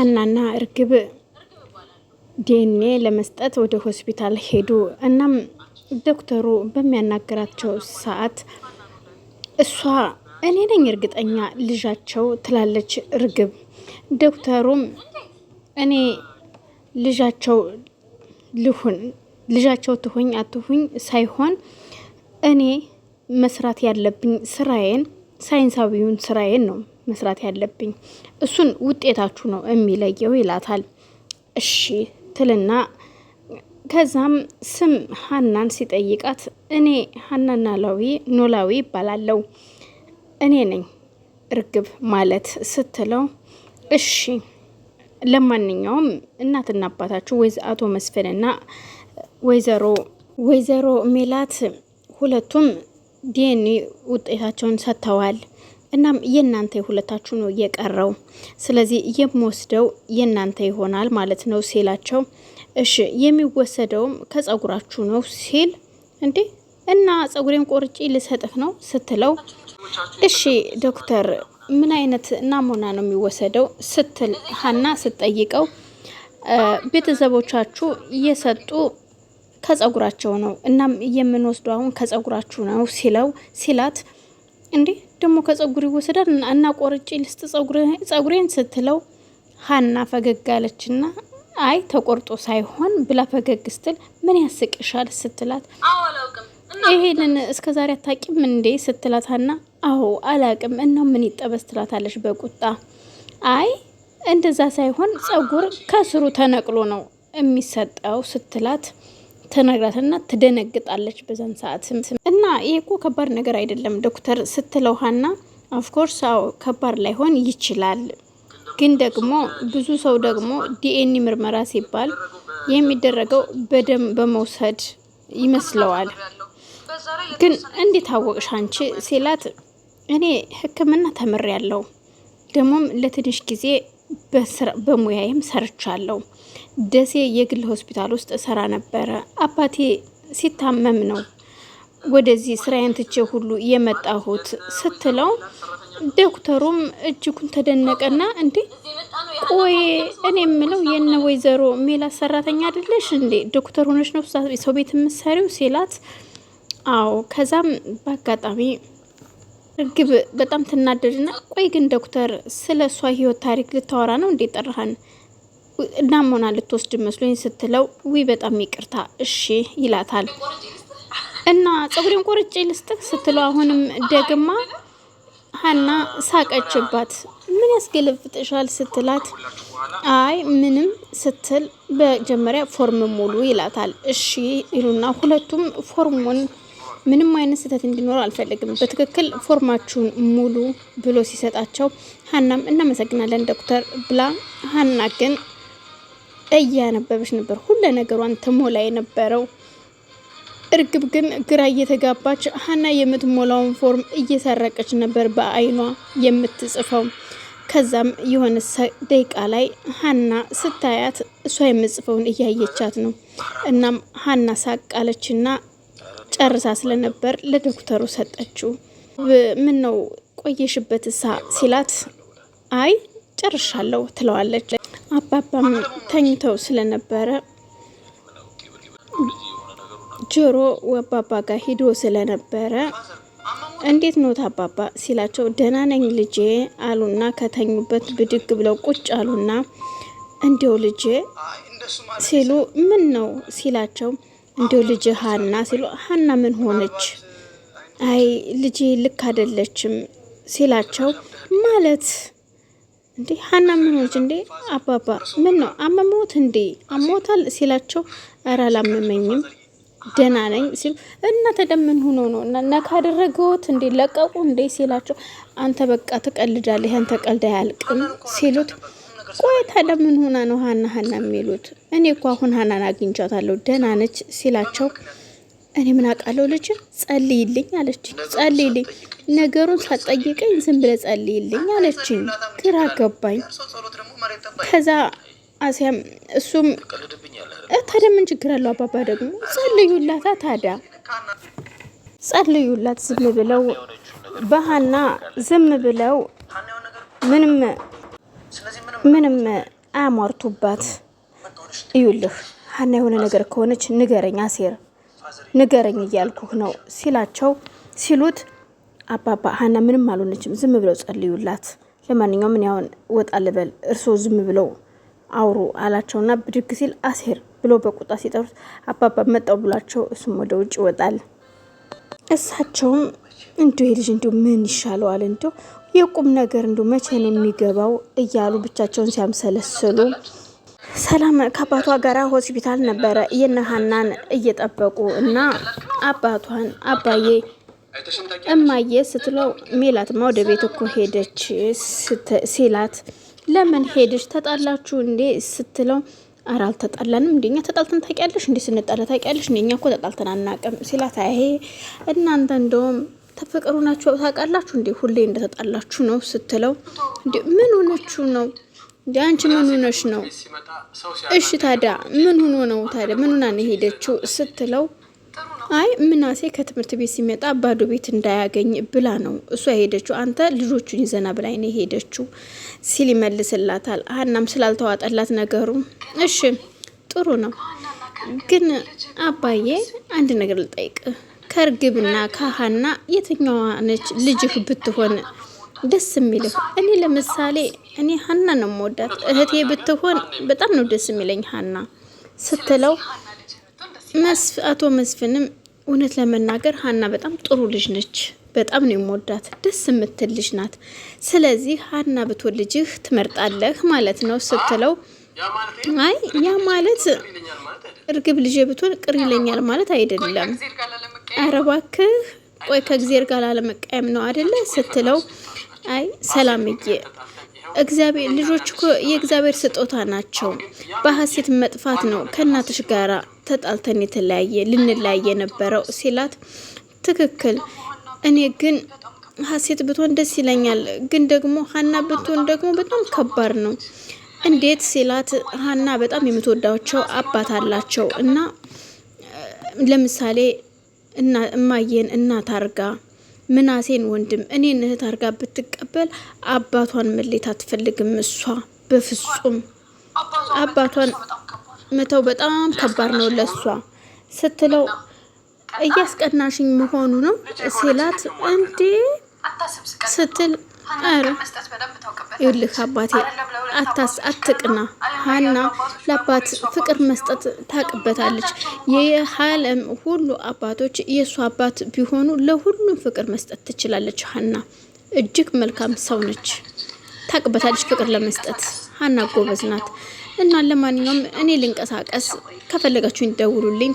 ሀናና እርግብ ዲኤንኤ ለመስጠት ወደ ሆስፒታል ሄዱ። እናም ዶክተሩ በሚያናግራቸው ሰዓት እሷ እኔ ነኝ እርግጠኛ ልጃቸው ትላለች እርግብ። ዶክተሩም እኔ ልጃቸው ልሁን ልጃቸው ትሁኝ አትሁኝ ሳይሆን እኔ መስራት ያለብኝ ስራዬን ሳይንሳዊውን ስራዬን ነው መስራት ያለብኝ እሱን ውጤታችሁ ነው የሚለየው ይላታል። እሺ ትልና ከዛም ስም ሀናን ሲጠይቃት እኔ ሀና ኖላዊ ኖላዊ ይባላለው እኔ ነኝ እርግብ ማለት ስትለው እሺ ለማንኛውም እናትና አባታችሁ ወይዘ አቶ መስፍንና ወይዘሮ ወይዘሮ ሜላት ሁለቱም ዲኤንኤ ውጤታቸውን ሰጥተዋል። እናም የእናንተ የሁለታችሁ ነው የቀረው፣ ስለዚህ የምወስደው የእናንተ ይሆናል ማለት ነው ሲላቸው፣ እሺ የሚወሰደውም ከጸጉራችሁ ነው ሲል እንዴ እና ጸጉሬን ቆርጬ ልሰጥህ ነው ስትለው፣ እሺ ዶክተር ምን አይነት ናሙና ነው የሚወሰደው ስትል ሀና ስትጠይቀው፣ ቤተሰቦቻችሁ እየሰጡ ከጸጉራቸው ነው እናም የምንወስደው አሁን ከጸጉራችሁ ነው ሲለው ሲላት እንዴ ደግሞ ከጸጉር ይወሰዳል እና ቆርጬ ልስጥ ጸጉሬን ስትለው ሀና ፈገግ አለችና አይ ተቆርጦ ሳይሆን ብላ ፈገግ ስትል ምን ያስቅሻል ስትላት ይሄንን እስከ ዛሬ አታቂም እንዴ ስትላት ሀና አዎ አላቅም እና ምን ይጠበስ ትላታለች በቁጣ አይ እንደዛ ሳይሆን ጸጉር ከስሩ ተነቅሎ ነው የሚሰጠው ስትላት ተነግራትና ትደነግጣለች በዛን ሰዓት። እና ይሄ እኮ ከባድ ነገር አይደለም ዶክተር ስትለው ሀና ኦፍኮርስ ከባድ ላይሆን ይችላል፣ ግን ደግሞ ብዙ ሰው ደግሞ ዲኤንኤ ምርመራ ሲባል የሚደረገው በደም በመውሰድ ይመስለዋል። ግን እንዴት አወቅሽ አንቺ ሲላት እኔ ሕክምና ተምሬያለሁ ደግሞም ለትንሽ ጊዜ በሙያዬም ሰርቻለሁ። ደሴ የግል ሆስፒታል ውስጥ እሰራ ነበረ። አባቴ ሲታመም ነው ወደዚህ ስራዬን ትቼ ሁሉ የመጣሁት ስትለው ዶክተሩም እጅጉን ተደነቀና እንዴ ቆይ እኔ የምለው የነ ወይዘሮ ሜላት ሰራተኛ አይደለሽ እንዴ ዶክተር ሆነች ነው ሰው ቤት የምትሰሪው ሲላት አዎ ከዛም በአጋጣሚ እርግብ በጣም ትናደድና ቆይ ግን ዶክተር ስለ እሷ ህይወት ታሪክ ልታወራ ነው እንዴ ጠራህን? እናሞና ልትወስድ መስሎኝ ስትለው ውይ በጣም ይቅርታ እሺ ይላታል። እና ጸጉሬን ቆርጬ ልስጥህ ስትለው አሁንም ደግማ ሀና ሳቀችባት። ምን ያስገለፍጥሻል ስትላት አይ ምንም ስትል መጀመሪያ ፎርም ሙሉ ይላታል። እሺ ይሉና ሁለቱም ፎርሙን ምንም አይነት ስህተት እንዲኖር አልፈልግም። በትክክል ፎርማችሁን ሙሉ ብሎ ሲሰጣቸው ሀናም እናመሰግናለን ዶክተር ብላ ሀና ግን እያነበበች ነበር። ሁለ ነገሯን ትሞላ የነበረው እርግብ ግን ግራ እየተጋባች ሀና የምትሞላውን ፎርም እየሰረቀች ነበር በአይኗ የምትጽፈው። ከዛም የሆነ ደቂቃ ላይ ሀና ስታያት እሷ የምጽፈውን እያየቻት ነው። እናም ሀና ሳቃለችና ጨርሳ ስለነበር ለዶክተሩ ሰጠችው። ምን ነው ቆየሽበት እሳ ሲላት አይ ጨርሻለሁ ትለዋለች። አባባም ተኝተው ስለነበረ ጆሮ ወአባባ ጋር ሂዶ ስለነበረ እንዴት ኖት አባባ ሲላቸው ደህና ነኝ ልጄ አሉና ከተኙበት ብድግ ብለው ቁጭ አሉና እንዲው ልጄ ሲሉ ምን ነው ሲላቸው እንዲሁ ልጅ ሀና ሲሉ ሀና ምን ሆነች? አይ ልጅ ልክ አይደለችም ሲላቸው ማለት እንዴ ሀና ምን ሆነች እንዴ አባባ ምን ነው አመሞት እንዴ አሞታል ሲላቸው እረ አላመመኝም ደህና ነኝ ሲሉ እና ተደምን ሆኖ ነው እና ካደረገውት እንዴ ለቀቁ እንዴ ሲላቸው አንተ በቃ ትቀልዳለህ ያንተ ቀልድ አያልቅም ሲሉት ቆይ ታዲያ ምን ሆና ነው ሀና ሀና የሚሉት? እኔ እኮ አሁን ሀናን አግኝቻታለሁ ደህና ነች ሲላቸው እኔ ምን አውቃለሁ ልጅ ጸልይልኝ አለችኝ። ጸልይልኝ ነገሩን ሳትጠይቀኝ ዝም ብለህ ጸልይልኝ አለችኝ። ግራ ገባኝ። ከዛ አሲያም እሱም ታዲያ ምን ችግር አለው አባባ ደግሞ ጸልዩላታ፣ ታዲያ ጸልዩላት ዝም ብለው በሀና ዝም ብለው ምንም ምንም አያሟርቱባት። እዩልህ ሀና የሆነ ነገር ከሆነች ንገረኝ፣ አሴር ንገረኝ እያልኩህ ነው ሲላቸው ሲሉት አባባ ሀና ምንም አልሆነችም፣ ዝም ብለው ጸልዩላት። ለማንኛውም እኔ አሁን ወጣ ልበል፣ እርስዎ ዝም ብለው አውሩ አላቸውና ብድግ ሲል አሴር ብሎ በቁጣ ሲጠሩት አባባ መጣው ብሏቸው እሱም ወደ ውጭ ይወጣል። እሳቸውም እንዲሁ ይሄ ልጅ እንዲሁ ምን ይሻለዋል እንዲሁ የቁም ነገር እንዱ መቼ ነው የሚገባው እያሉ ብቻቸውን ሲያምሰለስሉ ሰላም ከአባቷ ጋር ሆስፒታል ነበረ የነሀናን እየጠበቁ እና አባቷን አባዬ እማዬ ስትለው ሜላት ማ ወደ ቤት እኮ ሄደች ሲላት ለምን ሄደች ተጣላችሁ እንዴ ስትለው ኧረ አልተጣላንም እንዴ እኛ ተጣልተን ታውቂያለሽ እንዴ ስንጣላ ታውቂያለሽ እንዴ እኛ እኮ ተጣልተን አናውቅም ሲላት ይሄ እናንተ እንደውም ተፈቀሩ ናቸው ታውቃላችሁ እንዴ ሁሌ እንደተጣላችሁ ነው ስትለው፣ ምን ሆነችሁ ነው እንዲ አንቺ ምን ሆነሽ ነው? እሺ ታዲያ ምን ሆኖ ነው ታዲያ ምን ሆና ነው የሄደችው ስትለው፣ አይ ምናሴ ከትምህርት ቤት ሲመጣ ባዶ ቤት እንዳያገኝ ብላ ነው እሷ የሄደችው፣ አንተ ልጆቹን ይዘና ብላኝ ነው የሄደችው ሲል ይመልስላታል። ሀናም ስላልተዋጠላት ነገሩ እሺ ጥሩ ነው ግን አባዬ አንድ ነገር ልጠይቅ ከእርግብና ከሀና የትኛዋ ነች ልጅህ ብትሆን ደስ የሚልህ? እኔ ለምሳሌ እኔ ሀና ነው የምወዳት። እህቴ ብትሆን በጣም ነው ደስ የሚለኝ ሀና ስትለው አቶ መስፍንም እውነት ለመናገር ሀና በጣም ጥሩ ልጅ ነች። በጣም ነው የምወዳት። ደስ የምትል ልጅ ናት። ስለዚህ ሀና ብትሆን ልጅህ ትመርጣለህ ማለት ነው ስትለው አይ ያ ማለት እርግብ ልጄ ብትሆን ቅር ይለኛል ማለት አይደለም ኧረ እባክህ ቆይ ከእግዜር ጋር ላለመቀየም ነው አደለ ስትለው፣ አይ ሰላምዬ እግዚአብሔር ልጆች እኮ የእግዚአብሔር ስጦታ ናቸው። በሀሴት መጥፋት ነው ከእናትሽ ጋር ተጣልተን የተለያየ ልንለያየ የነበረው ሲላት፣ ትክክል እኔ ግን ሀሴት ብትሆን ደስ ይለኛል፣ ግን ደግሞ ሀና ብትሆን ደግሞ በጣም ከባድ ነው። እንዴት ሲላት፣ ሀና በጣም የምትወዳቸው አባት አላቸው እና ለምሳሌ እማየን እናት አርጋ ምናሴን ወንድም እኔን እህት አርጋ ብትቀበል አባቷን መሌት አትፈልግም እሷ በፍጹም አባቷን መተው በጣም ከባድ ነው ለሷ ስትለው እያስቀናሽኝ መሆኑ ነው ሲላት እንዴ ስትል ይኸውልህ አባቴ አታስ አትቅና። ሀና ለአባት ፍቅር መስጠት ታቅበታለች። የዓለም ሁሉ አባቶች የእሱ አባት ቢሆኑ ለሁሉም ፍቅር መስጠት ትችላለች። ሀና እጅግ መልካም ሰው ነች፣ ታቅበታለች ፍቅር ለመስጠት። ሀና ጎበዝ ናት እና ለማንኛውም እኔ ልንቀሳቀስ፣ ከፈለጋችሁ ይደውሉልኝ።